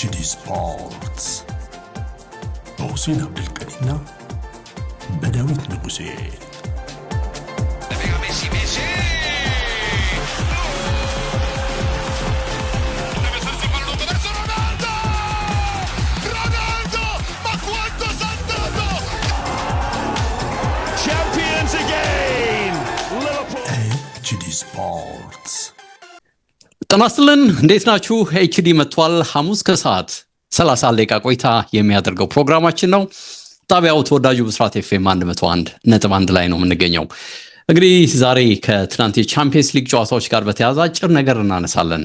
ጂዲ ስፖርትስ በሁሴን አብደልቀዲና በዳዊት ንጉሴ ጤና ይስጥልን እንዴት ናችሁ? ኤችዲ መጥቷል። ሐሙስ ከሰዓት 30 ደቂቃ ቆይታ የሚያደርገው ፕሮግራማችን ነው። ጣቢያው ተወዳጁ ብስራት ኤፍኤም 101 ነጥብ 1 ላይ ነው የምንገኘው። እንግዲህ ዛሬ ከትናንት የቻምፒየንስ ሊግ ጨዋታዎች ጋር በተያያዘ አጭር ነገር እናነሳለን።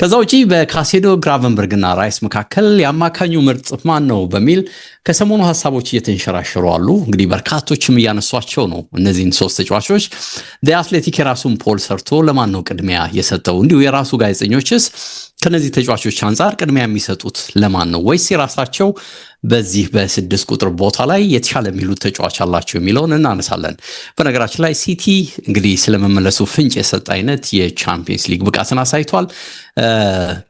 ከዛ ውጪ በካሴዶ ግራቨንበርግና ራይስ መካከል የአማካኙ ምርጥ ማን ነው በሚል ከሰሞኑ ሀሳቦች እየተንሸራሸሩ አሉ። እንግዲህ በርካቶችም እያነሷቸው ነው። እነዚህን ሶስት ተጫዋቾች አትሌቲክ የራሱን ፖል ሰርቶ ለማን ነው ቅድሚያ የሰጠው? እንዲሁ የራሱ ጋዜጠኞችስ ከነዚህ ተጫዋቾች አንጻር ቅድሚያ የሚሰጡት ለማን ነው? ወይስ የራሳቸው በዚህ በስድስት ቁጥር ቦታ ላይ የተሻለ የሚሉት ተጫዋች አላቸው የሚለውን እናነሳለን። በነገራችን ላይ ሲቲ እንግዲህ ስለመመለሱ ፍንጭ የሰጠ አይነት የቻምፒየንስ ሊግ ብቃትን አሳይቷል።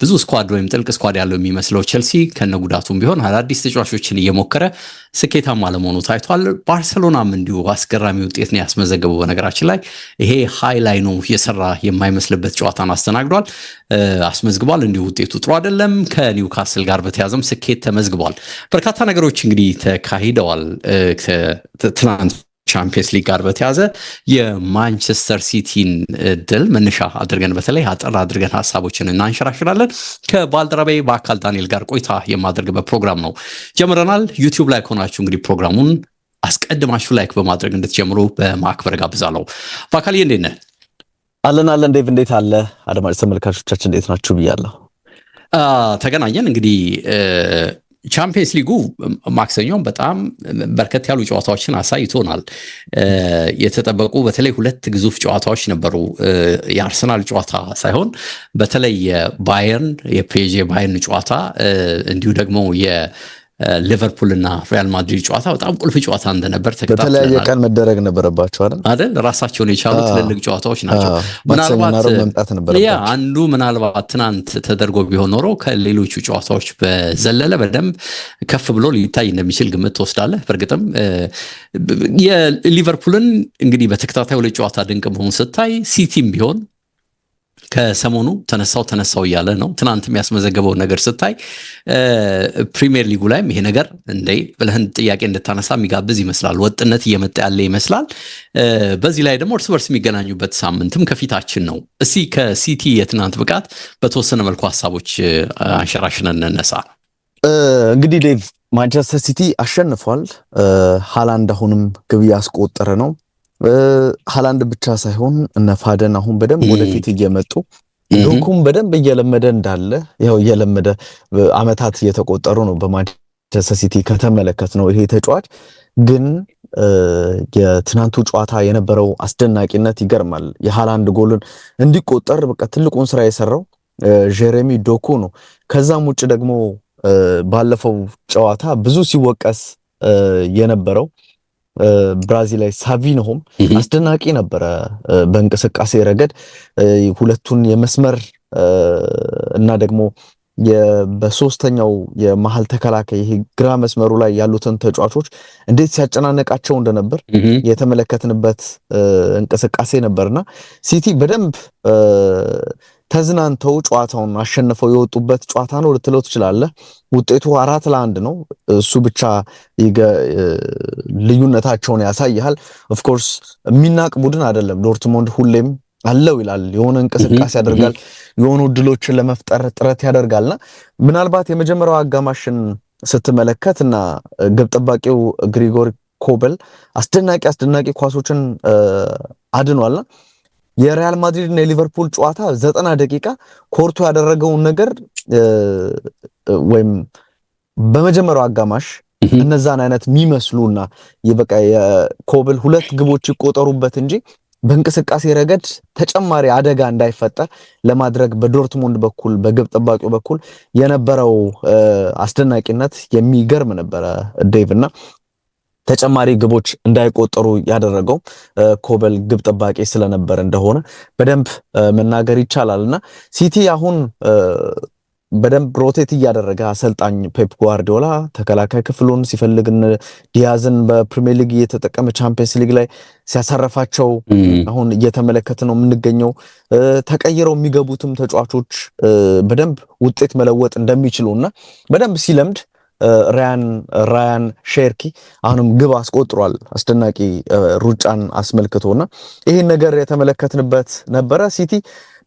ብዙ ስኳድ ወይም ጥልቅ ስኳድ ያለው የሚመስለው ቼልሲ ከነጉዳቱም ቢሆን አዳዲስ ተጫዋቾችን እየሞከረ ስኬታማ አለመሆኑ ታይቷል። ባርሰሎናም እንዲሁ አስገራሚ ውጤት ነው ያስመዘገበው። በነገራችን ላይ ይሄ ሀይ ላይ ነው የሰራ የማይመስልበት ጨዋታን አስተናግዷል፣ አስመዝግቧል። እንዲሁ ውጤቱ ጥሩ አይደለም። ከኒውካስል ጋር በተያዘም ስኬት ተመዝግቧል። በርካታ ነገሮች እንግዲህ ተካሂደዋል ትናንት ቻምፒየንስ ሊግ ጋር በተያዘ የማንቸስተር ሲቲን ድል መነሻ አድርገን በተለይ አጠር አድርገን ሀሳቦችን እናንሸራሽራለን። ከባልደረባዬ በአካል ዳንኤል ጋር ቆይታ የማደርግበት ፕሮግራም ነው ጀምረናል። ዩቲዩብ ላይ ከሆናችሁ እንግዲህ ፕሮግራሙን አስቀድማችሁ ላይክ በማድረግ እንድትጀምሩ በማክበር ጋብዛለሁ። በአካል እንዴት ነህ? አለን አለን። ዴቭ እንዴት አለ? አድማጭ ተመልካቾቻችን እንዴት ናችሁ ብያለሁ። ተገናኘን እንግዲህ ቻምፒየንስ ሊጉ ማክሰኞም በጣም በርከት ያሉ ጨዋታዎችን አሳይቶናል። የተጠበቁ በተለይ ሁለት ግዙፍ ጨዋታዎች ነበሩ። የአርሰናል ጨዋታ ሳይሆን በተለይ የባየርን የፔዥ ባየርን ጨዋታ እንዲሁ ደግሞ ሊቨርፑልና ሪያል ማድሪድ ጨዋታ በጣም ቁልፍ ጨዋታ እንደነበር በተለያየ ቀን መደረግ ነበረባቸው አይደል? ራሳቸውን የቻሉ ትልልቅ ጨዋታዎች ናቸው። ምናልባት ያ አንዱ ምናልባት ትናንት ተደርጎ ቢሆን ኖሮ ከሌሎቹ ጨዋታዎች በዘለለ በደንብ ከፍ ብሎ ሊታይ እንደሚችል ግምት ትወስዳለህ። በእርግጥም የሊቨርፑልን እንግዲህ በተከታታይ ሁለት ጨዋታ ድንቅ መሆን ስታይ ሲቲም ቢሆን ከሰሞኑ ተነሳው ተነሳው እያለ ነው። ትናንት የሚያስመዘገበው ነገር ስታይ ፕሪሚየር ሊጉ ላይም ይሄ ነገር እንደ ብለህን ጥያቄ እንድታነሳ የሚጋብዝ ይመስላል። ወጥነት እየመጣ ያለ ይመስላል። በዚህ ላይ ደግሞ እርስ በርስ የሚገናኙበት ሳምንትም ከፊታችን ነው። እስቲ ከሲቲ የትናንት ብቃት በተወሰነ መልኩ ሀሳቦች አንሸራሽነን እንነሳ። እንግዲህ ዴቭ ማንቸስተር ሲቲ አሸንፏል። ሀላንድ አሁንም ግብ ያስቆጠረ ነው። ሀላንድ ብቻ ሳይሆን እነ ፋደን አሁን በደንብ ወደፊት እየመጡ ዶኩም በደንብ እየለመደ እንዳለ ያው እየለመደ አመታት እየተቆጠሩ ነው በማንቸስተር ሲቲ ከተመለከት ነው ይሄ ተጫዋች ግን የትናንቱ ጨዋታ የነበረው አስደናቂነት ይገርማል። የሃላንድ ጎልን እንዲቆጠር በቃ ትልቁን ስራ የሰራው ጀሬሚ ዶኩ ነው። ከዛም ውጭ ደግሞ ባለፈው ጨዋታ ብዙ ሲወቀስ የነበረው ብራዚላዊ ሳቪንሆም አስደናቂ ነበረ። በእንቅስቃሴ ረገድ ሁለቱን የመስመር እና ደግሞ በሶስተኛው የመሀል ተከላካይ ይሄ ግራ መስመሩ ላይ ያሉትን ተጫዋቾች እንዴት ሲያጨናነቃቸው እንደነበር የተመለከትንበት እንቅስቃሴ ነበርና ሲቲ በደንብ ተዝናንተው ጨዋታውን አሸንፈው የወጡበት ጨዋታ ነው ልትለው ትችላለህ። ውጤቱ አራት ለአንድ ነው። እሱ ብቻ ልዩነታቸውን ያሳይሃል። ኦፍኮርስ የሚናቅ ቡድን አይደለም። ዶርትሞንድ ሁሌም አለው ይላል፣ የሆነ እንቅስቃሴ ያደርጋል፣ የሆኑ እድሎችን ለመፍጠር ጥረት ያደርጋልና ምናልባት የመጀመሪያው አጋማሽን ስትመለከት እና ግብ ጠባቂው ግሪጎሪ ኮበል አስደናቂ አስደናቂ ኳሶችን አድኗልና የሪያል ማድሪድ እና የሊቨርፑል ጨዋታ ዘጠና ደቂቃ ኮርቶ ያደረገውን ነገር ወይም በመጀመሪያው አጋማሽ እነዛን አይነት የሚመስሉና በቃ የኮብል ሁለት ግቦች ይቆጠሩበት እንጂ በእንቅስቃሴ ረገድ ተጨማሪ አደጋ እንዳይፈጠር ለማድረግ በዶርትሙንድ በኩል በግብ ጠባቂው በኩል የነበረው አስደናቂነት የሚገርም ነበረ ዴቭ እና ተጨማሪ ግቦች እንዳይቆጠሩ ያደረገው ኮበል ግብ ጠባቂ ስለነበር እንደሆነ በደንብ መናገር ይቻላል እና ሲቲ አሁን በደንብ ሮቴት እያደረገ አሰልጣኝ ፔፕ ጓርዲዮላ ተከላካይ ክፍሉን ሲፈልግ ዲያዝን በፕሪሚየር ሊግ እየተጠቀመ ቻምፒየንስ ሊግ ላይ ሲያሳረፋቸው አሁን እየተመለከት ነው የምንገኘው። ተቀይረው የሚገቡትም ተጫዋቾች በደንብ ውጤት መለወጥ እንደሚችሉ እና በደንብ ሲለምድ ራያን ራያን ሼርኪ አሁንም ግብ አስቆጥሯል። አስደናቂ ሩጫን አስመልክቶና ይህን ነገር የተመለከትንበት ነበረ። ሲቲ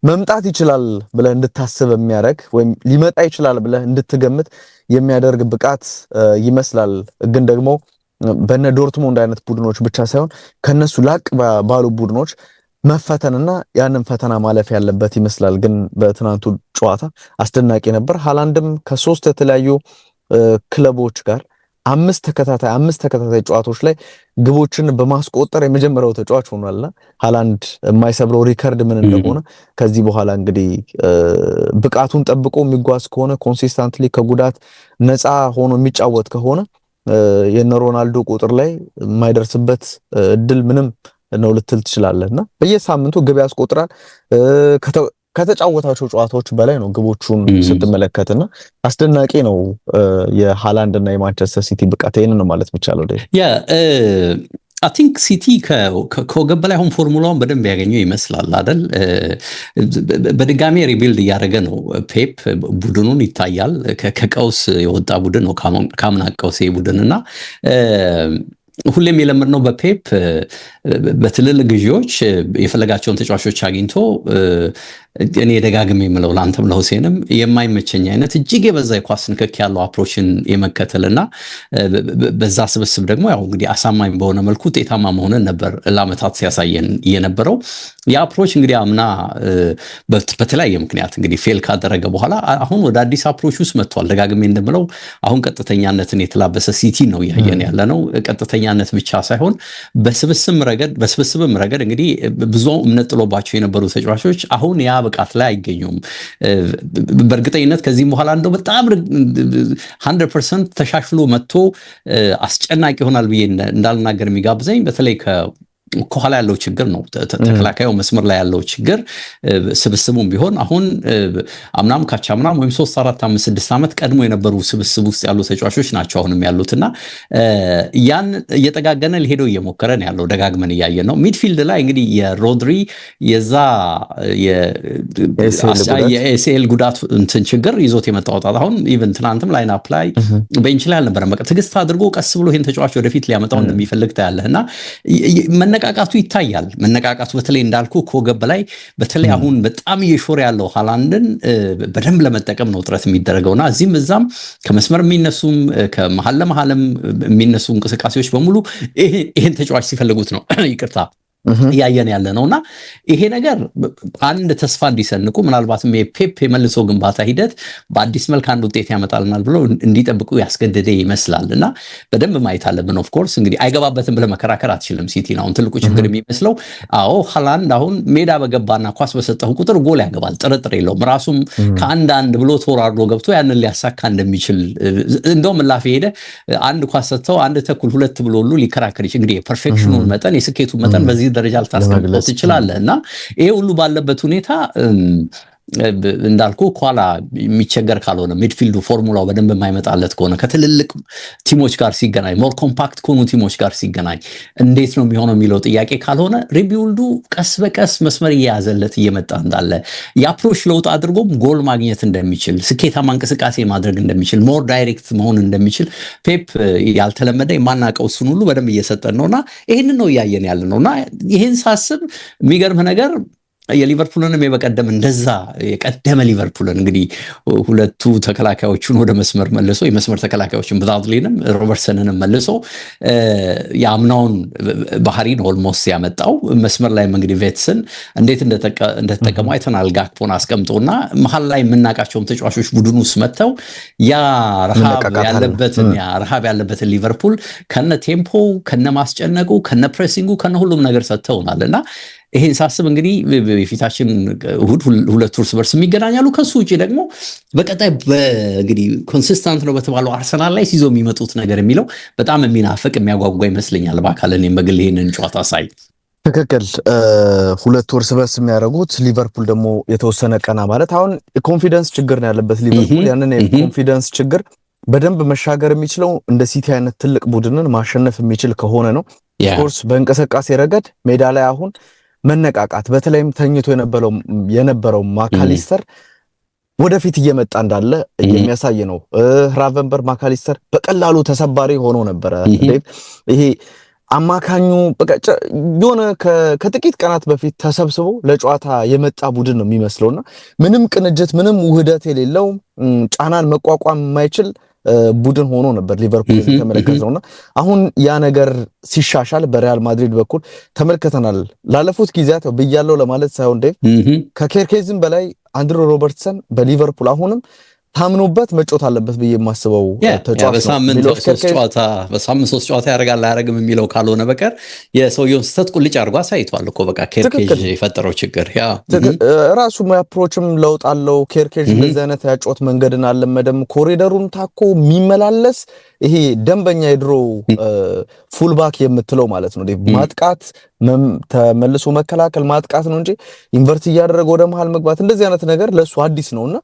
መምጣት ይችላል ብለህ እንድታስብ የሚያደርግ ወይም ሊመጣ ይችላል ብለህ እንድትገምት የሚያደርግ ብቃት ይመስላል። ግን ደግሞ በነ ዶርትሞንድ አይነት ቡድኖች ብቻ ሳይሆን ከነሱ ላቅ ባሉ ቡድኖች መፈተንና ያንን ፈተና ማለፍ ያለበት ይመስላል። ግን በትናንቱ ጨዋታ አስደናቂ ነበር። ሃላንድም ከሶስት የተለያዩ ክለቦች ጋር አምስት ተከታታይ አምስት ተከታታይ ጨዋታዎች ላይ ግቦችን በማስቆጠር የመጀመሪያው ተጫዋች ሆኗልና ሃላንድ የማይሰብረው ሪከርድ ምን እንደሆነ ከዚህ በኋላ እንግዲህ ብቃቱን ጠብቆ የሚጓዝ ከሆነ ኮንሲስታንትሊ ከጉዳት ነፃ ሆኖ የሚጫወት ከሆነ የነ ሮናልዶ ቁጥር ላይ የማይደርስበት እድል ምንም ነው ልትል ትችላለህ እና በየሳምንቱ ግብ ያስቆጥራል ከተጫወታቸው ጨዋታዎች በላይ ነው ግቦቹን ስትመለከትና አስደናቂ ነው የሃላንድ እና የማንቸስተር ሲቲ ብቃት። ይህን ነው ማለት የሚቻለው። አይ ቲንክ ሲቲ ከወገብ በላይ አሁን ፎርሙላውን በደንብ ያገኘው ይመስላል አደል? በድጋሚ ሪቢልድ እያደረገ ነው ፔፕ። ቡድኑን ይታያል ከቀውስ የወጣ ቡድን ነው ካምና ቀውስ ቡድን እና ሁሌም ነው በፔፕ በትልልቅ ግዢዎች የፈለጋቸውን ተጫዋቾች አግኝቶ እኔ ደጋግሜ የምለው ለአንተም ለሁሴንም የማይመቸኝ አይነት እጅግ የበዛ የኳስ ንክክ ያለው አፕሮችን እና በዛ ስብስብ ደግሞ ያው እንግዲህ አሳማኝ በሆነ መልኩ ውጤታማ መሆንን ነበር ለአመታት ሲያሳየን የነበረው። የአፕሮች እንግዲህ አምና በተለያየ ምክንያት እንግዲህ ፌል ካደረገ በኋላ አሁን ወደ አዲስ አፕሮች ውስጥ መጥቷል። ደጋግሜ እንደምለው አሁን ቀጥተኛነትን የተላበሰ ሲቲ ነው እያየን ያለ ነው። ቀጥተኛነት ብቻ ሳይሆን በስብስብም ረገድ እንግዲህ ብዙ እምነት ጥሎባቸው የነበሩ ተጫዋቾች አሁን ያ ብቃት ላይ አይገኙም። በእርግጠኝነት ከዚህም በኋላ እንደው በጣም ሀንድረድ ፐርሰንት ተሻሽሎ መጥቶ አስጨናቂ ይሆናል ብዬ እንዳልናገር የሚጋብዘኝ በተለይ ከኋላ ያለው ችግር ነው። ተከላካዩ መስመር ላይ ያለው ችግር ስብስቡም ቢሆን አሁን አምናም ካቻምናም ወይም ሶስት አራት አምስት ስድስት ዓመት ቀድሞ የነበሩ ስብስብ ውስጥ ያሉ ተጫዋቾች ናቸው አሁንም ያሉትና ያን እየጠጋገነ ሊሄደው እየሞከረ ነው ያለው። ደጋግመን እያየን ነው። ሚድፊልድ ላይ እንግዲህ የሮድሪ የዛ የኤሲኤል ጉዳት እንትን ችግር ይዞት የመጣው ጣጣ አሁን ኢቨን ትናንትም ላይናፕ ላይ ቤንች ላይ አልነበረም። በቃ ትግስት አድርጎ ቀስ ብሎ ይህን ተጫዋች ወደፊት ሊያመጣው እንደሚፈልግ ታያለህ እና መነቃቃቱ ይታያል። መነቃቃቱ በተለይ እንዳልኩ ኮገብ ላይ በተለይ አሁን በጣም እየሾረ ያለው ሃላንድን በደንብ ለመጠቀም ነው ጥረት የሚደረገውና እዚህም እዛም ከመስመር የሚነሱም ከመሀል ለመሀልም የሚነሱ እንቅስቃሴዎች በሙሉ ይህን ተጫዋች ሲፈልጉት ነው። ይቅርታ እያየን ያለ ነው እና ይሄ ነገር አንድ ተስፋ እንዲሰንቁ ምናልባትም የፔፕ የመልሶ ግንባታ ሂደት በአዲስ መልክ አንድ ውጤት ያመጣልናል ብሎ እንዲጠብቁ ያስገደደ ይመስላል እና በደንብ ማየት አለብን። ኦፍኮርስ እንግዲህ አይገባበትም ብለህ መከራከር አትችልም። ሲቲ አሁን ትልቁ ችግር የሚመስለው አዎ ሀላንድ አሁን ሜዳ በገባና ኳስ በሰጠሁ ቁጥር ጎል ያገባል፣ ጥርጥር የለውም። ራሱም ከአንድ አንድ ብሎ ተወራርዶ ገብቶ ያንን ሊያሳካ እንደሚችል እንደውም ላፌ ሄደ አንድ ኳስ ሰጥተው አንድ ተኩል ሁለት ብሎ ሁሉ ሊከራከር ይችል እንግዲህ የፐርፌክሽኑን መጠን የስኬቱን መጠን በዚህ ደረጃ ልታስቀምጠው ትችላለህ እና ይሄ ሁሉ ባለበት ሁኔታ እንዳልኩ ከኋላ የሚቸገር ካልሆነ ሚድፊልዱ ፎርሙላው በደንብ የማይመጣለት ከሆነ ከትልልቅ ቲሞች ጋር ሲገናኝ ሞር ኮምፓክት ከሆኑ ቲሞች ጋር ሲገናኝ እንዴት ነው የሚሆነው የሚለው ጥያቄ ካልሆነ ሪቢውልዱ ቀስ በቀስ መስመር እየያዘለት እየመጣ እንዳለ የአፕሮች ለውጥ አድርጎም ጎል ማግኘት እንደሚችል ስኬታማ እንቅስቃሴ ማድረግ እንደሚችል ሞር ዳይሬክት መሆን እንደሚችል ፔፕ ያልተለመደ የማናቀው እሱን ሁሉ በደንብ እየሰጠን ነው እና ይህንን ነው እያየን ያለ ነው እና ይህን ሳስብ የሚገርም ነገር የሊቨርፑልንም የበቀደም እንደዛ የቀደመ ሊቨርፑልን እንግዲህ ሁለቱ ተከላካዮቹን ወደ መስመር መልሶ የመስመር ተከላካዮችን ብዛትሊንም ሮበርትሰንንም መልሶ የአምናውን ባህሪን ኦልሞስት ያመጣው መስመር ላይም እንግዲህ ቬትስን እንዴት እንደተጠቀሙ አይተናል። ጋክፖን አስቀምጦና መሀል ላይ የምናውቃቸውም ተጫዋቾች ቡድን ውስጥ መጥተው ያ ረሃብ ያለበትን ሊቨርፑል ከነ ቴምፖ ከነ ማስጨነቁ ከነ ፕሬሲንጉ ከነ ሁሉም ነገር ሰጥተውናል እና ይሄን ሳስብ እንግዲህ የፊታችን እሁድ ሁለቱ እርስ በርስ የሚገናኛሉ። ከሱ ውጭ ደግሞ በቀጣይ እንግዲህ ኮንሲስታንት ነው በተባለው አርሰናል ላይ ሲዞ የሚመጡት ነገር የሚለው በጣም የሚናፈቅ የሚያጓጓ ይመስለኛል። በአካል እኔም በግል ይሄንን ጨዋታ ሳይ ትክክል ሁለቱ እርስ በርስ የሚያደርጉት ሊቨርፑል ደግሞ የተወሰነ ቀና ማለት አሁን ኮንፊደንስ ችግር ነው ያለበት ሊቨርፑል ያንን የኮንፊደንስ ችግር በደንብ መሻገር የሚችለው እንደ ሲቲ አይነት ትልቅ ቡድንን ማሸነፍ የሚችል ከሆነ ነው። ስፖርስ በእንቅስቃሴ ረገድ ሜዳ ላይ አሁን መነቃቃት በተለይም ተኝቶ የነበረው ማካሊስተር ወደፊት እየመጣ እንዳለ የሚያሳይ ነው። ራቨንበር ማካሊስተር በቀላሉ ተሰባሪ ሆኖ ነበረ። ይሄ አማካኙ የሆነ ከጥቂት ቀናት በፊት ተሰብስቦ ለጨዋታ የመጣ ቡድን ነው የሚመስለውና ምንም ቅንጅት፣ ምንም ውህደት የሌለው ጫናን መቋቋም የማይችል ቡድን ሆኖ ነበር ሊቨርፑል የተመለከት ነውና አሁን ያ ነገር ሲሻሻል በሪያል ማድሪድ በኩል ተመልከተናል። ላለፉት ጊዜያት ብያለው ለማለት ሳይሆን ዴቭ ከኬርኬዝም በላይ አንድሮ ሮበርትሰን በሊቨርፑል አሁንም ታምኖበት መጮት አለበት ብዬ የማስበው ተጫዋች በሳምንት ሶስት ጨዋታ ያደርጋል አያደርግም የሚለው ካልሆነ በቀር የሰውየውን ስህተት ቁልጭ አድርጎ አሳይቷል እኮ በቃ ኬርኬዥ የፈጠረው ችግር ራሱ አፕሮችም ለውጥ አለው። ኬርኬዥ እንደዚህ አይነት ያጮት መንገድን አለመደም ኮሪደሩን ታኮ የሚመላለስ ይሄ ደንበኛ የድሮ ፉልባክ የምትለው ማለት ነው ማጥቃት ተመልሶ መከላከል ማጥቃት ነው እንጂ ዩኒቨርሲቲ እያደረገ ወደ መሀል መግባት እንደዚህ አይነት ነገር ለእሱ አዲስ ነውና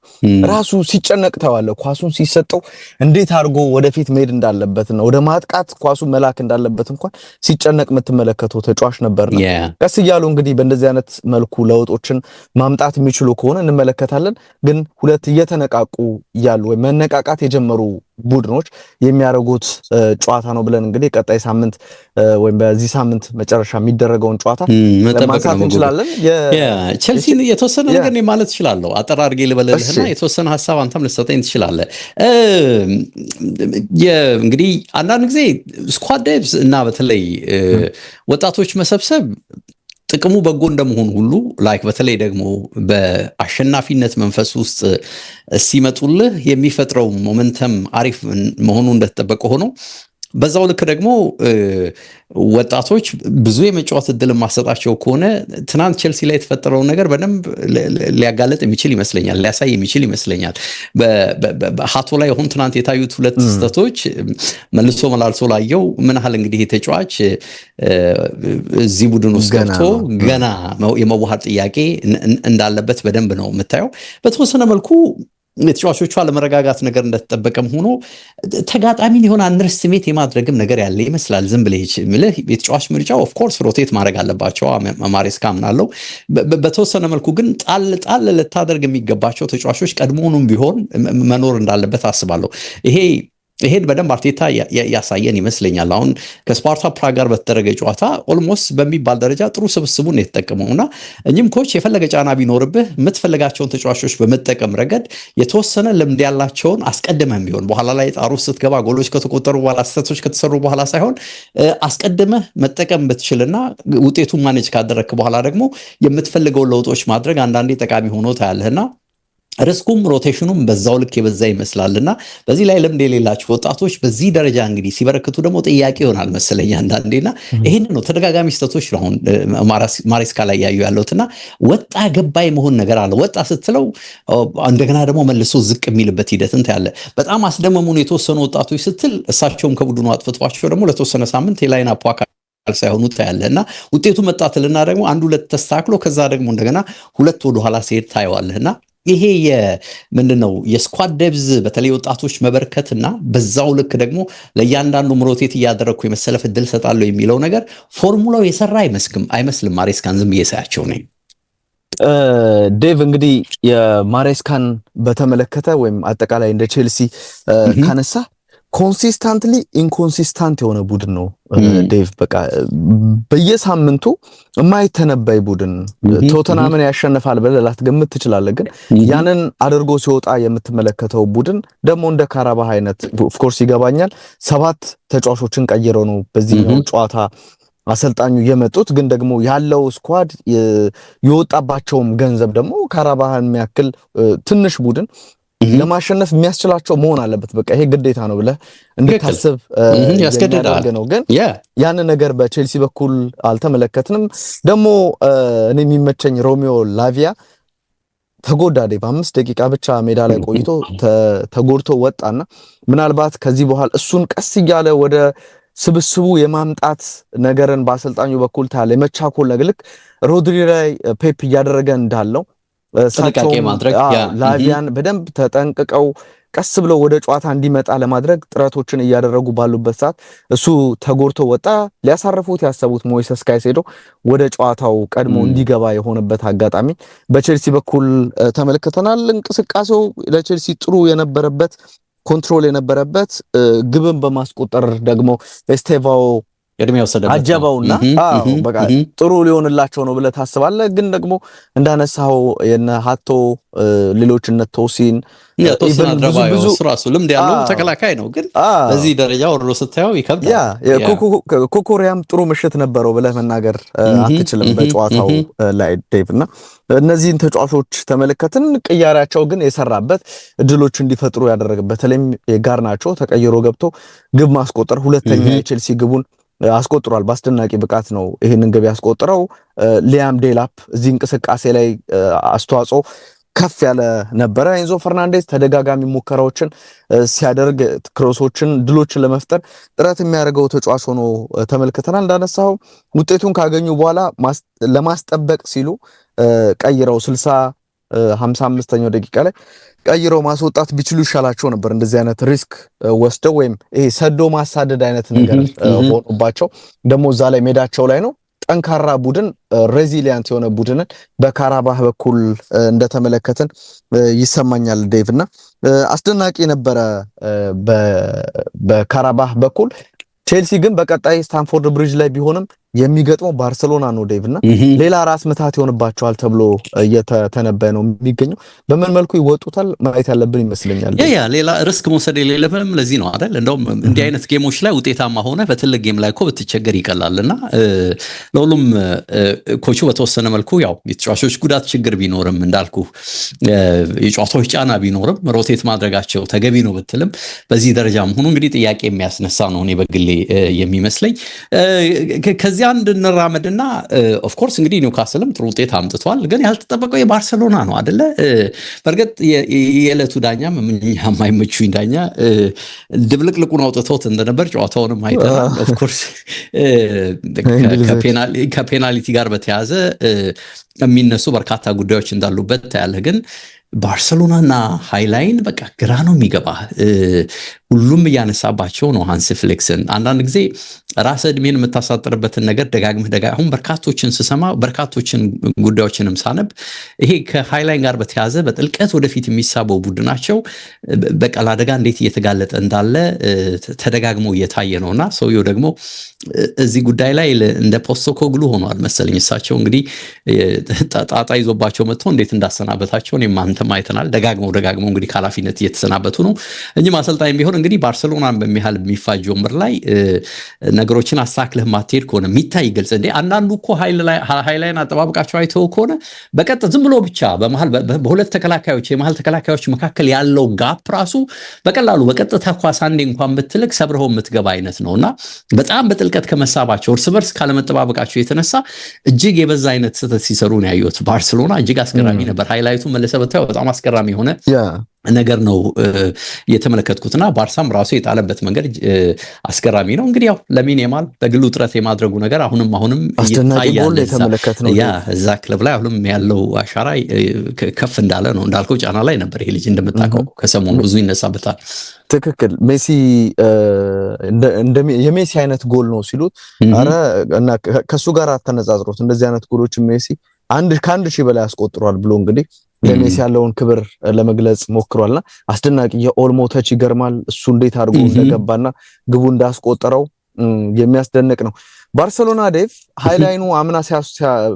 ራሱ ሲጨነቅ ተዋለ ኳሱን ሲሰጠው እንዴት አድርጎ ወደፊት መሄድ እንዳለበትና ወደ ማጥቃት ኳሱ መላክ እንዳለበት እንኳን ሲጨነቅ የምትመለከተው ተጫዋች ነበርና ቀስ እያሉ እንግዲህ በእንደዚህ አይነት መልኩ ለውጦችን ማምጣት የሚችሉ ከሆነ እንመለከታለን። ግን ሁለት እየተነቃቁ እያሉ ወይም መነቃቃት የጀመሩ ቡድኖች የሚያደርጉት ጨዋታ ነው ብለን እንግዲህ ቀጣይ ሳምንት ወይም በዚህ ሳምንት መጨረሻ የሚደረገውን ጨዋታ ማንሳት እንችላለን። ቼልሲን የተወሰነ ነገር ማለት እችላለሁ። አጠር አድርጌ ልበልልህና የተወሰነ ሀሳብ አንተም ልሰጠኝ ትችላለህ። እንግዲህ አንዳንድ ጊዜ ስኳድ ዴፕዝ እና በተለይ ወጣቶች መሰብሰብ ጥቅሙ በጎ እንደመሆኑ ሁሉ ላይክ በተለይ ደግሞ በአሸናፊነት መንፈስ ውስጥ ሲመጡልህ የሚፈጥረው ሞመንተም አሪፍ መሆኑ እንደተጠበቀ ሆኖ በዛው ልክ ደግሞ ወጣቶች ብዙ የመጫወት እድል ማሰጣቸው ከሆነ ትናንት ቼልሲ ላይ የተፈጠረውን ነገር በደንብ ሊያጋለጥ የሚችል ይመስለኛል፣ ሊያሳይ የሚችል ይመስለኛል። ሀቶ ላይ አሁን ትናንት የታዩት ሁለት ስህተቶች መልሶ መላልሶ ላየው ምን ያህል እንግዲህ የተጫዋች እዚህ ቡድን ውስጥ ገብቶ ገና የመዋሃድ ጥያቄ እንዳለበት በደንብ ነው የምታየው በተወሰነ መልኩ ተጫዋቾቿ ለመረጋጋት ነገር እንደተጠበቀም ሆኖ ተጋጣሚን የሆነ አንድር ስሜት የማድረግም ነገር ያለ ይመስላል። ዝም ብለህ ምልህ የተጫዋች ምርጫ ኦፍኮርስ ሮቴት ማድረግ አለባቸው ማሬስካ ምናለው። በተወሰነ መልኩ ግን ጣል ጣል ልታደርግ የሚገባቸው ተጫዋቾች ቀድሞውኑም ቢሆን መኖር እንዳለበት አስባለሁ ይሄ ይሄን በደንብ አርቴታ ያሳየን ይመስለኛል። አሁን ከስፓርታ ፕራ ጋር በተደረገ ጨዋታ ኦልሞስት በሚባል ደረጃ ጥሩ ስብስቡን የተጠቀመው እና እኚህም ኮች የፈለገ ጫና ቢኖርብህ የምትፈልጋቸውን ተጫዋቾች በመጠቀም ረገድ የተወሰነ ልምድ ያላቸውን አስቀድመህ ቢሆን በኋላ ላይ ጣሩ ስትገባ ጎሎች ከተቆጠሩ በኋላ ስህተቶች ከተሰሩ በኋላ ሳይሆን አስቀድመህ መጠቀም ብትችልና ውጤቱን ማኔጅ ካደረግክ በኋላ ደግሞ የምትፈልገውን ለውጦች ማድረግ አንዳንዴ ጠቃሚ ሆኖ ታያለህና ሪስኩም ሮቴሽኑም በዛው ልክ የበዛ ይመስላል እና በዚህ ላይ ልምድ የሌላቸው ወጣቶች በዚህ ደረጃ እንግዲህ ሲበረክቱ ደግሞ ጥያቄ ይሆናል መሰለኝ አንዳንዴና ይህን ነው ተደጋጋሚ ስህተቶች ነው አሁን ማሬስካ ላይ ያዩ ያለሁት እና ወጣ ገባይ መሆን ነገር አለ። ወጣ ስትለው እንደገና ደግሞ መልሶ ዝቅ የሚልበት ሂደት እንት ያለ በጣም አስደመሙን የተወሰኑ ወጣቶች ስትል እሳቸውም ከቡድኑ አጥፍቷቸው ደግሞ ለተወሰነ ሳምንት የላይን አፖ ሳይሆኑ ታያለ እና ውጤቱ መጣትልና ደግሞ አንድ ሁለት ተስተካክሎ ከዛ ደግሞ እንደገና ሁለት ወደኋላ ሲሄድ ታየዋለህ እና ይሄ ምንድነው የስኳድ ደብዝ በተለይ ወጣቶች መበርከት እና በዛው ልክ ደግሞ ለእያንዳንዱ ምሮቴት እያደረግኩ የመሰለፍ እድል ሰጣለሁ የሚለው ነገር ፎርሙላው የሰራ አይመስልም አይመስልም። ማሬስካን ዝም እየሳያቸው ነኝ። ዴቭ እንግዲህ የማሬስካን በተመለከተ ወይም አጠቃላይ እንደ ቼልሲ ካነሳ ኮንሲስታንትሊ ኢንኮንሲስታንት የሆነ ቡድን ነው ዴቭ። በቃ በየሳምንቱ የማይተነበይ ቡድን ቶተናምን ያሸንፋል ብለህ ላትገምት ትችላለህ፣ ግን ያንን አድርጎ ሲወጣ የምትመለከተው ቡድን ደግሞ እንደ ካራባህ አይነት ኦፍኮርስ ይገባኛል። ሰባት ተጫዋቾችን ቀይረው ነው በዚህኛው ጨዋታ አሰልጣኙ የመጡት ግን ደግሞ ያለው ስኳድ የወጣባቸውም ገንዘብ ደግሞ ካራባህን የሚያክል ትንሽ ቡድን ለማሸነፍ የሚያስችላቸው መሆን አለበት። በቃ ይሄ ግዴታ ነው ብለህ እንድታስብ ያስገድዳል ነው። ግን ያንን ነገር በቼልሲ በኩል አልተመለከትንም። ደግሞ እኔ የሚመቸኝ ሮሚዮ ላቪያ ተጎዳ በአምስት ደቂቃ ብቻ ሜዳ ላይ ቆይቶ ተጎድቶ ወጣና ምናልባት ከዚህ በኋላ እሱን ቀስ እያለ ወደ ስብስቡ የማምጣት ነገርን በአሰልጣኙ በኩል ታያለ። የመቻኮል ነገር ልክ ሮድሪ ላይ ፔፕ እያደረገ እንዳለው ጥንቃቄ ማድረግ ላቪያን በደንብ ተጠንቅቀው ቀስ ብለው ወደ ጨዋታ እንዲመጣ ለማድረግ ጥረቶችን እያደረጉ ባሉበት ሰዓት እሱ ተጎድቶ ወጣ። ሊያሳርፉት ያሰቡት ሞይሰስ ካይሴዶ ወደ ጨዋታው ቀድሞ እንዲገባ የሆነበት አጋጣሚ በቼልሲ በኩል ተመልክተናል። እንቅስቃሴው ለቼልሲ ጥሩ የነበረበት ኮንትሮል የነበረበት ግብን በማስቆጠር ደግሞ ኤስቴቫኦ እድሜ ወሰደ አጀበውና በቃ ጥሩ ሊሆንላቸው ነው ብለህ ታስባለህ። ግን ደግሞ እንዳነሳው የነ ሀቶ ሌሎች እነ ቶሲን ራሱ ልምድ ያለው ተከላካይ ነው፣ ግን በዚህ ደረጃ ወርዶ ስታየው ይከብዳል። ኮኮሪያም ጥሩ ምሽት ነበረው ብለህ መናገር አትችልም በጨዋታው ላይ ዴቭ እና እነዚህን ተጫዋቾች ተመለከትን። ቅያሪያቸው ግን የሰራበት እድሎች እንዲፈጥሩ ያደረገ በተለይም የጋርናቾ ተቀይሮ ገብቶ ግብ ማስቆጠር ሁለተኛ የቼልሲ ግቡን አስቆጥሯል። በአስደናቂ ብቃት ነው ይህንን ግብ ያስቆጥረው። ሊያም ዴላፕ እዚህ እንቅስቃሴ ላይ አስተዋጽኦ ከፍ ያለ ነበረ። ኤንዞ ፈርናንዴዝ ተደጋጋሚ ሙከራዎችን ሲያደርግ ክሮሶችን፣ ድሎችን ለመፍጠር ጥረት የሚያደርገው ተጫዋች ሆኖ ተመልክተናል። እንዳነሳው ውጤቱን ካገኙ በኋላ ለማስጠበቅ ሲሉ ቀይረው ስልሳ ሀምሳ አምስተኛው ደቂቃ ላይ ቀይረው ማስወጣት ቢችሉ ይሻላቸው ነበር። እንደዚህ አይነት ሪስክ ወስደው ወይም ይሄ ሰዶ ማሳደድ አይነት ነገር ሆኖባቸው ደግሞ እዛ ላይ ሜዳቸው ላይ ነው። ጠንካራ ቡድን ሬዚሊያንት የሆነ ቡድንን በካራባህ በኩል እንደተመለከትን ይሰማኛል ዴቭ እና አስደናቂ ነበረ በካራባህ በኩል ቼልሲ ግን በቀጣይ ስታንፎርድ ብሪጅ ላይ ቢሆንም የሚገጥመው ባርሰሎና ነው ዴቭ እና ሌላ ራስ ምታት ይሆንባቸዋል ተብሎ እየተነበየ ነው የሚገኘው። በምን መልኩ ይወጡታል ማየት ያለብን ይመስለኛል። ያ ሌላ ሪስክ መውሰድ የሌለብንም ለዚህ ነው አይደል? እንደውም እንዲህ አይነት ጌሞች ላይ ውጤታማ ሆነ በትልቅ ጌም ላይ እኮ ብትቸገር ይቀላል እና ለሁሉም ኮቹ በተወሰነ መልኩ ያው የተጫዋቾች ጉዳት ችግር ቢኖርም እንዳልኩ የጨዋታዎች ጫና ቢኖርም ሮቴት ማድረጋቸው ተገቢ ነው ብትልም በዚህ ደረጃ መሆኑ እንግዲህ ጥያቄ የሚያስነሳ ነው እኔ በግሌ የሚመስለኝ ወደዚያ እንድንራመድና ኦፍኮርስ እንግዲህ ኒውካስልም ጥሩ ውጤት አምጥቷል፣ ግን ያልተጠበቀው የባርሰሎና ነው አደለ። በእርግጥ የዕለቱ ዳኛ የማይመቹኝ ዳኛ ድብልቅልቁን አውጥተውት እንደነበር ጨዋታውንም አይተናል። ኦፍኮርስ ጋር በተያዘ የሚነሱ በርካታ ጉዳዮች እንዳሉበት ታያለህ ግን ባርሰሎናና ሃይላይን በቃ ግራ ነው የሚገባ። ሁሉም እያነሳባቸው ነው ሃንስ ፍሊክስን። አንዳንድ ጊዜ ራስ እድሜን የምታሳጥርበትን ነገር ደጋግመህ ደጋ አሁን በርካቶችን ስሰማ በርካቶችን ጉዳዮችንም ሳነብ ይሄ ከሃይላይን ጋር በተያዘ በጥልቀት ወደፊት የሚሳበው ቡድናቸው በቀል አደጋ እንዴት እየተጋለጠ እንዳለ ተደጋግሞ እየታየ ነውና ሰውየው ደግሞ እዚህ ጉዳይ ላይ እንደ ፖስቶኮግሉ ሆኗል መሰለኝ። እሳቸው እንግዲህ ጣጣ ይዞባቸው መጥቶ እንዴት እንዳሰናበታቸው እኔም አንተም አይተናል። ደጋግመው ደጋግመው እንግዲህ ከኃላፊነት እየተሰናበቱ ነው። እኚህም አሰልጣኝ ቢሆን እንግዲህ ባርሰሎናን በሚያህል የሚፋጅ ወንበር ላይ ነገሮችን አሳክለህ ማትሄድ ከሆነ የሚታይ ግልጽ እንዴ አንዳንዱ እኮ ሀይላይን አጠባበቃቸው አይተው ከሆነ በቀጥ ዝም ብሎ ብቻ በመሀል በሁለት ተከላካዮች የመሀል ተከላካዮች መካከል ያለው ጋፕ ራሱ በቀላሉ በቀጥታ ኳስ አንዴ እንኳን ብትልቅ ሰብረው የምትገባ አይነት ነው እና በጣም በጥልቀት ከመሳባቸው እርስ በርስ ካለመጠባበቃቸው የተነሳ እጅግ የበዛ አይነት ስህተት ሲሰሩ ነው ያየሁት። ባርሴሎና እጅግ አስገራሚ ነበር። ሀይላይቱ መለሰ በታዩ በጣም አስገራሚ የሆነ ነገር ነው የተመለከትኩትና ባርሳም ራሱ የጣለበት መንገድ አስገራሚ ነው። እንግዲህ ያው ለሚን የማል በግሉ ጥረት የማድረጉ ነገር አሁንም አሁንም ያ እዛ ክለብ ላይ አሁንም ያለው አሻራ ከፍ እንዳለ ነው። እንዳልከው ጫና ላይ ነበር ይሄ ልጅ እንደምታውቀው ከሰሞኑ ብዙ ይነሳበታል። ትክክል ሜሲ የሜሲ አይነት ጎል ነው ሲሉት አረ እና ከሱ ጋር አተነጻጽሮት እንደዚህ አይነት ጎሎች ሜሲ አንድ ከአንድ ሺህ በላይ አስቆጥሯል ብሎ እንግዲህ ለሜሲ ያለውን ክብር ለመግለጽ ሞክሯልና አስደናቂ የኦልሞ ተች ይገርማል። እሱ እንዴት አድርጎ እንደገባና ግቡ እንዳስቆጠረው የሚያስደንቅ ነው። ባርሰሎና ዴቭ ሃይላይኑ አምና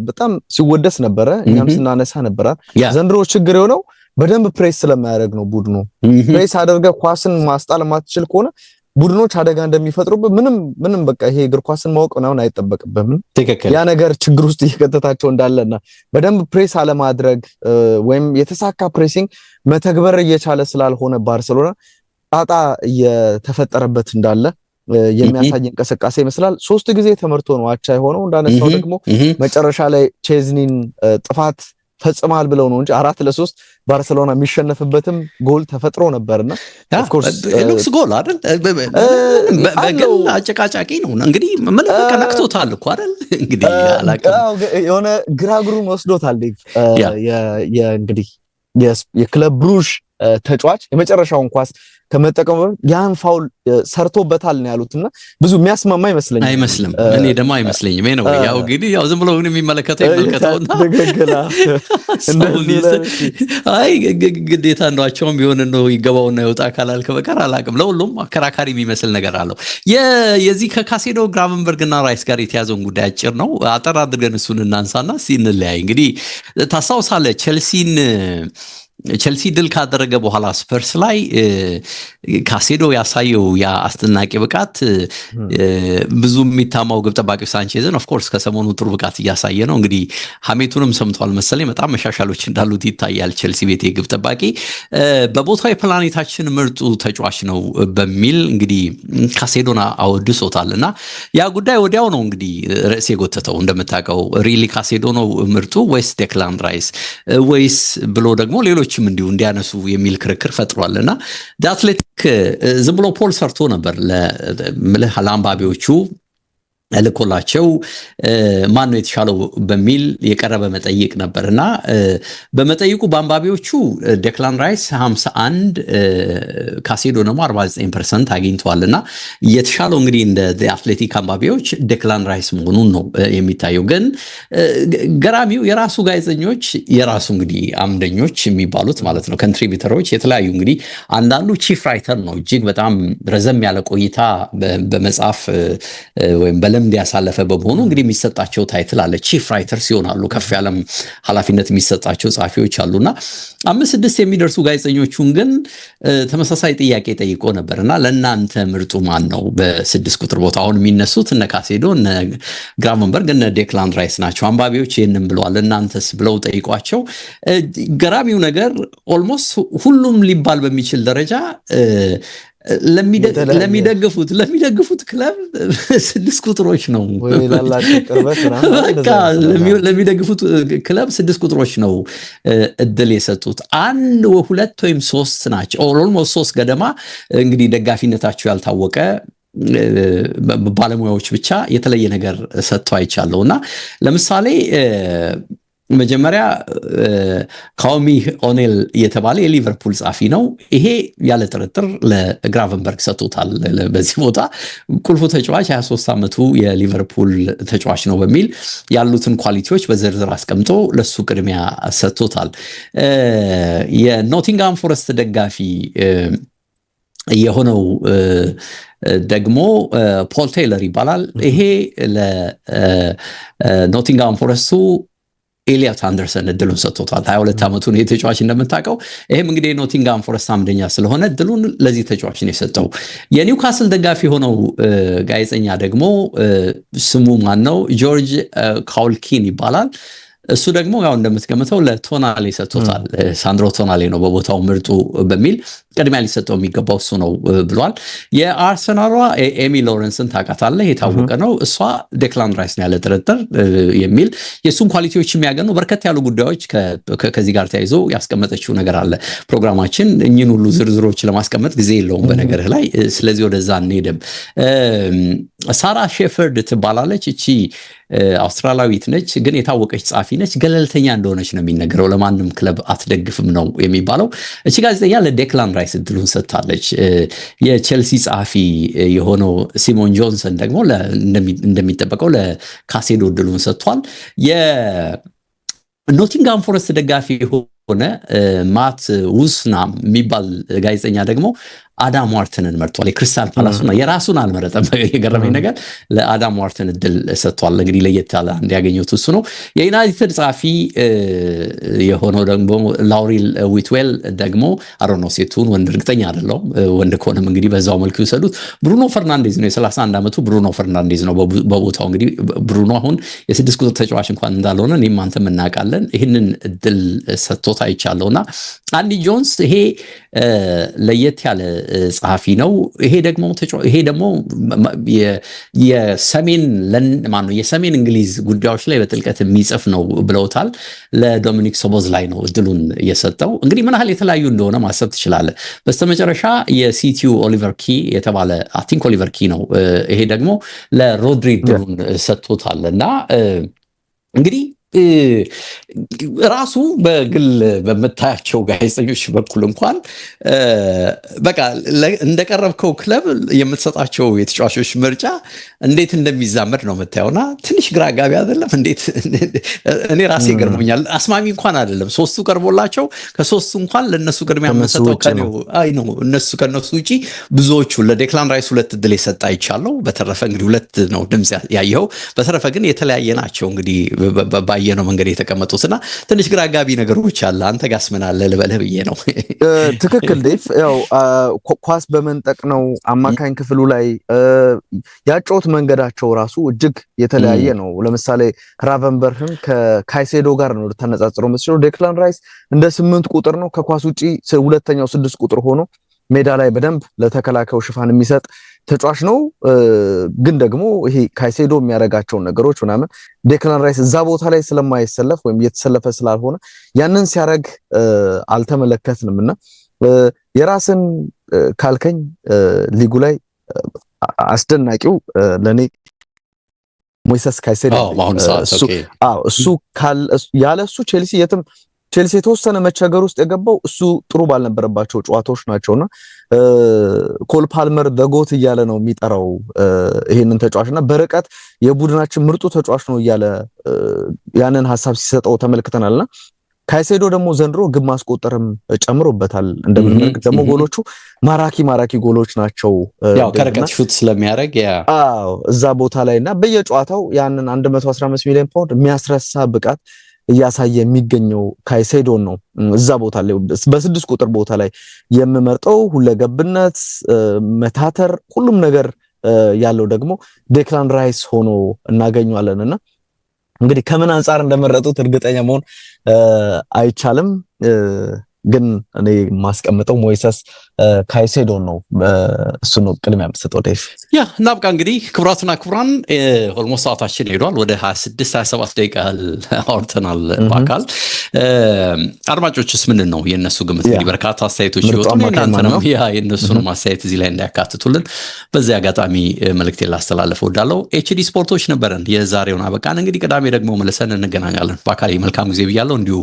በጣም ሲወደስ ነበረ፣ እኛም ስናነሳ ነበራል። ዘንድሮ ችግር የሆነው በደንብ ፕሬስ ስለማያደርግ ነው። ቡድኑ ፕሬስ አድርገ ኳስን ማስጣል ማትችል ከሆነ ቡድኖች አደጋ እንደሚፈጥሩበት ምንም ምንም በቃ ይሄ እግር ኳስን ማወቅ ምናምን አይጠበቅብህም። ያ ነገር ችግር ውስጥ እየከተታቸው እንዳለና በደንብ ፕሬስ አለማድረግ ወይም የተሳካ ፕሬሲንግ መተግበር እየቻለ ስላልሆነ ባርሴሎና ጣጣ እየተፈጠረበት እንዳለ የሚያሳይ እንቅስቃሴ ይመስላል። ሶስት ጊዜ ተመርቶ ነው አቻ የሆነው። እንዳነሳው ደግሞ መጨረሻ ላይ ቼዝኒን ጥፋት ፈጽማል ብለው ነው እንጂ አራት ለሶስት ባርሰሎና የሚሸነፍበትም ጎል ተፈጥሮ ነበርና ሉክስ ጎል አይደል? አጨቃጫቂ ነው። እንግዲህ ምን ነክቶታል እኮ አይደል? እንግዲህ የሆነ ግራግሩን ወስዶታል። እንግዲህ የክለብ ብሩሽ ተጫዋች የመጨረሻውን ኳስ ከመጠቀሙ ያን ፋውል ሰርቶበታል ነው ያሉት እና ብዙ የሚያስማማ አይመስለኝም። አይመስልም እኔ ደግሞ አይመስለኝም ነው ያው ግን ያው ዝም ብሎ ግን የሚመለከተው ይመልከተውና ግዴታ እንዷቸውም ቢሆን ነው ይገባውና የወጣ አካላል ከበቀር አላቅም ለሁሉም አከራካሪ የሚመስል ነገር አለው። የዚህ ከካሴዶ ግራምንበርግ እና ራይስ ጋር የተያዘውን ጉዳይ አጭር ነው አጠር አድርገን እሱን እናንሳና ሲንለያይ እንግዲህ ታስታውሳለ ቸልሲን ቸልሲ ድል ካደረገ በኋላ ስፐርስ ላይ ካሴዶ ያሳየው ያ አስደናቂ ብቃት ብዙ የሚታማው ግብ ጠባቂ ሳንቼዝን ኦፍኮርስ ከሰሞኑ ጥሩ ብቃት እያሳየ ነው። እንግዲህ ሀሜቱንም ሰምቷል መሰለኝ። በጣም መሻሻሎች እንዳሉት ይታያል። ቸልሲ ቤት የግብ ጠባቂ በቦታው የፕላኔታችን ምርጡ ተጫዋች ነው በሚል እንግዲህ ካሴዶን አወድሶታል እና ያ ጉዳይ ወዲያው ነው እንግዲህ ርዕስ የጎተተው እንደምታውቀው ሪሊ ካሴዶ ነው ምርጡ ወይስ ዴክላን ራይስ ወይስ ብሎ ደግሞ ሌሎች ሌሎችም እንዲሁ እንዲያነሱ የሚል ክርክር ፈጥሯል እና አትሌቲክ ዝም ብሎ ፖል ሰርቶ ነበር ለአንባቢዎቹ ልኮላቸው ማን ነው የተሻለው በሚል የቀረበ መጠይቅ ነበር እና በመጠይቁ በአንባቢዎቹ ደክላን ራይስ 51 ካሴዶ ደግሞ 49 ፐርሰንት አግኝተዋል እና የተሻለው እንግዲህ እንደ አትሌቲክ አንባቢዎች ደክላን ራይስ መሆኑን ነው የሚታየው። ግን ገራሚው የራሱ ጋዜጠኞች የራሱ እንግዲህ አምደኞች የሚባሉት ማለት ነው ከንትሪቢተሮች የተለያዩ እንግዲህ አንዳንዱ ቺፍ ራይተር ነው እጅግ በጣም ረዘም ያለ ቆይታ በመጽሐፍ ወይም ልምድ ያሳለፈ በመሆኑ እንግዲህ የሚሰጣቸው ታይትል አለ። ቺፍ ራይተርስ ይሆናሉ። ከፍ ያለም ኃላፊነት የሚሰጣቸው ጸሐፊዎች አሉና አምስት ስድስት የሚደርሱ ጋዜጠኞቹን ግን ተመሳሳይ ጥያቄ ጠይቆ ነበር እና ለእናንተ ምርጡ ማን ነው? በስድስት ቁጥር ቦታ አሁን የሚነሱት እነ ካሴዶ እነ ግራቨንበርግ እነ ዴክላንድ ራይስ ናቸው። አንባቢዎች ይህንም ብለዋል። እናንተስ ብለው ጠይቋቸው። ገራሚው ነገር ኦልሞስት ሁሉም ሊባል በሚችል ደረጃ ለሚደግፉት ለሚደግፉት ክለብ ስድስት ቁጥሮች ነው። ለሚደግፉት ክለብ ስድስት ቁጥሮች ነው እድል የሰጡት። አንድ ሁለት ወይም ሶስት ናቸው። ኦልሞስት ሶስት ገደማ እንግዲህ ደጋፊነታቸው ያልታወቀ ባለሙያዎች ብቻ የተለየ ነገር ሰጥተው አይቻለሁ እና ለምሳሌ መጀመሪያ ካዎሚ ኦኔል የተባለ የሊቨርፑል ጻፊ ነው። ይሄ ያለ ጥርጥር ለግራቨንበርግ ሰጥቶታል። በዚህ ቦታ ቁልፉ ተጫዋች 23 ዓመቱ የሊቨርፑል ተጫዋች ነው በሚል ያሉትን ኳሊቲዎች በዝርዝር አስቀምጦ ለሱ ቅድሚያ ሰጥቶታል። የኖቲንግሃም ፎረስት ደጋፊ የሆነው ደግሞ ፖል ቴይለር ይባላል። ይሄ ለኖቲንግሃም ፎረስቱ ኤልያት አንደርሰን እድሉን ሰጥቶታል። 22 ዓመቱ ነው የተጫዋች እንደምታውቀው። ይህም እንግዲህ ኖቲንጋም ፎረስት አምደኛ ስለሆነ እድሉን ለዚህ ተጫዋች ነው የሰጠው። የኒውካስል ደጋፊ የሆነው ጋዜጠኛ ደግሞ ስሙ ማን ነው? ጆርጅ ካውልኪን ይባላል። እሱ ደግሞ ያው እንደምትገምተው ለቶናሌ ሰጥቶታል። ሳንድሮ ቶናሌ ነው በቦታው ምርጡ በሚል ቅድሚያ ሊሰጠው የሚገባው እሱ ነው ብሏል። የአርሰናሏ ኤሚ ሎረንስን ታውቃታለህ? የታወቀ ነው። እሷ ዴክላን ራይስ ነው ያለ ጥርጥር የሚል የእሱን ኳሊቲዎች የሚያገኑ በርከት ያሉ ጉዳዮች ከዚህ ጋር ተያይዞ ያስቀመጠችው ነገር አለ። ፕሮግራማችን እኚህን ሁሉ ዝርዝሮች ለማስቀመጥ ጊዜ የለውም በነገርህ ላይ ስለዚህ ወደዛ እንሄድም። ሳራ ሼፈርድ ትባላለች። እቺ አውስትራላዊት ነች፣ ግን የታወቀች ጸሐፊ ነች። ገለልተኛ እንደሆነች ነው የሚነገረው። ለማንም ክለብ አትደግፍም ነው የሚባለው። እቺ ጋዜጠኛ ለዴክላን ራይስ እድሉን ሰጥታለች። የቼልሲ ጸሐፊ የሆነው ሲሞን ጆንሰን ደግሞ እንደሚጠበቀው ለካሴዶ እድሉን ሰጥቷል። የኖቲንግሃም ፎረስት ደጋፊ ሆነ ማት ውስናም የሚባል ጋዜጠኛ ደግሞ አዳም ዋርትንን መርጧል። የክሪስታል ፓላሱና የራሱን አልመረጠም። የገረመኝ ነገር ለአዳም ዋርትን እድል ሰጥቷል። እንግዲህ ለየት ያለ እንዲያገኘት እሱ ነው። የዩናይትድ ጸሐፊ የሆነው ደግሞ ላውሪል ዊትዌል ደግሞ አሮኖ ሴቱን ወንድ እርግጠኛ አይደለሁም። ወንድ ከሆነም እንግዲህ በዛው መልኩ ይውሰዱት። ብሩኖ ፈርናንዴዝ ነው። የ31 ዓመቱ ብሩኖ ፈርናንዴዝ ነው በቦታው እንግዲህ ብሩኖ አሁን የስድስት ቁጥር ተጫዋች እንኳን እንዳልሆነ እኔም አንተም እናውቃለን። ይህንን እድል ሰጥቶት አይቻለሁና አንዲ ጆንስ ይሄ ለየት ያለ ጸሐፊ ነው። ይሄ ደግሞ ይሄ ደግሞ የሰሜን ማነው የሰሜን እንግሊዝ ጉዳዮች ላይ በጥልቀት የሚጽፍ ነው ብለውታል። ለዶሚኒክ ሶቦዝ ላይ ነው እድሉን የሰጠው። እንግዲህ ምን ያህል የተለያዩ እንደሆነ ማሰብ ትችላለ። በስተመጨረሻ የሲቲዩ ኦሊቨር ኪ የተባለ አቲንክ ኦሊቨር ኪ ነው። ይሄ ደግሞ ለሮድሪ እድሉን ሰጥቶታል እና እንግዲህ ራሱ በግል በምታያቸው ጋዜጠኞች በኩል እንኳን በቃ እንደቀረብከው ክለብ የምትሰጣቸው የተጫዋቾች ምርጫ እንዴት እንደሚዛመድ ነው የምታየውና ትንሽ ግራ አጋቢ አይደለም? እንዴት እኔ ራሴ ገርሞኛል። አስማሚ እንኳን አይደለም። ሶስቱ ቀርቦላቸው ከሶስቱ እንኳን ለእነሱ ቅድሚያ የምንሰጠው አይ ነው እነሱ ከእነሱ ውጪ ብዙዎቹ ለዴክላን ራይስ ሁለት እድል የሰጠ አይቻለው። በተረፈ እንግዲህ ሁለት ነው ድምፅ ያየኸው። በተረፈ ግን የተለያየ ናቸው እንግዲህ ባየነው መንገድ የተቀመጡት እና ትንሽ ግራ አጋቢ ነገሮች አለ። አንተ ጋስ ምን አለ ልበለ ብዬ ነው። ትክክል ዴፍ። ያው ኳስ በመንጠቅ ነው አማካኝ ክፍሉ ላይ ያጨዋወት መንገዳቸው ራሱ እጅግ የተለያየ ነው። ለምሳሌ ራቨንበርህም ከካይሴዶ ጋር ነው ተነጻጽሮ መስሎ ዴክላን ራይስ እንደ ስምንት ቁጥር ነው ከኳስ ውጪ ሁለተኛው ስድስት ቁጥር ሆኖ ሜዳ ላይ በደንብ ለተከላካዩ ሽፋን የሚሰጥ ተጫዋች ነው። ግን ደግሞ ይሄ ካይሴዶ የሚያደርጋቸውን ነገሮች ምናምን ዴክላን ራይስ እዛ ቦታ ላይ ስለማይሰለፍ ወይም እየተሰለፈ ስላልሆነ ያንን ሲያደርግ አልተመለከትንም እና የራስን ካልከኝ ሊጉ ላይ አስደናቂው ለእኔ ሞይሰስ ካይሴዶ እሱ ያለ እሱ ቼልሲ የትም ቼልሲ የተወሰነ መቸገር ውስጥ የገባው እሱ ጥሩ ባልነበረባቸው ጨዋታዎች ናቸውና ኮል ፓልመር ደጎት እያለ ነው የሚጠራው ይሄንን ተጫዋች እና በርቀት የቡድናችን ምርጡ ተጫዋች ነው እያለ ያንን ሀሳብ ሲሰጠው ተመልክተናልና ካይሴዶ ደግሞ ዘንድሮ ግብ ማስቆጠርም ጨምሮበታል። እንደምንመለከት ደግሞ ጎሎቹ ማራኪ ማራኪ ጎሎች ናቸው። ያው ከርቀት ሹት ስለሚያደርግ እዛ ቦታ ላይ እና በየጨዋታው ያንን 115 ሚሊዮን ፓውንድ የሚያስረሳ ብቃት እያሳየ የሚገኘው ካይሴዶን ነው። እዛ ቦታ ላይ በስድስት ቁጥር ቦታ ላይ የምመርጠው ሁለገብነት፣ መታተር፣ ሁሉም ነገር ያለው ደግሞ ዴክላን ራይስ ሆኖ እናገኘዋለን እና እንግዲህ ከምን አንጻር እንደመረጡት እርግጠኛ መሆን አይቻልም። ግን እኔ ማስቀምጠው ሞይሰስ ካይሴዶ ነው። እሱ ነው ቅድሚያ የምሰጠው። ዴቭ ያ እናብቃ እንግዲህ ክቡራትና ክቡራን ኦልሞስት ሰዓታችን ሄዷል። ወደ 26 27 ደቂቃ አውርተናል በአካል አድማጮችስ ምንድን ነው የእነሱ ግምት? እንግዲህ በርካታ አስተያየቶች ይወጡ እናንተ ነው ያ የእነሱንም ማስተያየት እዚህ ላይ እንዳያካትቱልን በዚህ አጋጣሚ መልእክቴ ላስተላለፈ ወዳለው ኤችዲ ስፖርቶች ነበረን የዛሬውን አበቃን። እንግዲህ ቅዳሜ ደግሞ መልሰን እንገናኛለን በአካል። መልካም ጊዜ ብያለው እንዲሁ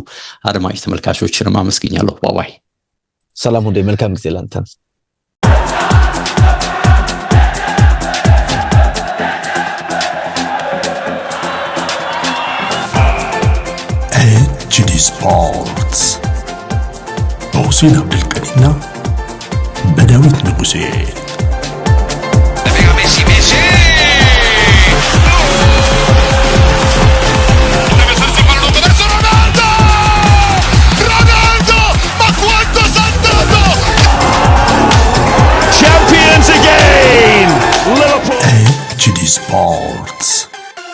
አድማጭ ተመልካቾችንም አመስግኛለሁ። ባባይ ሰላም ሁሌ መልካም ጊዜ ላንተን ኤችዲ ስፖርት በሁሴን አብዱልቀኒና በዳዊት ንጉሴ Baseball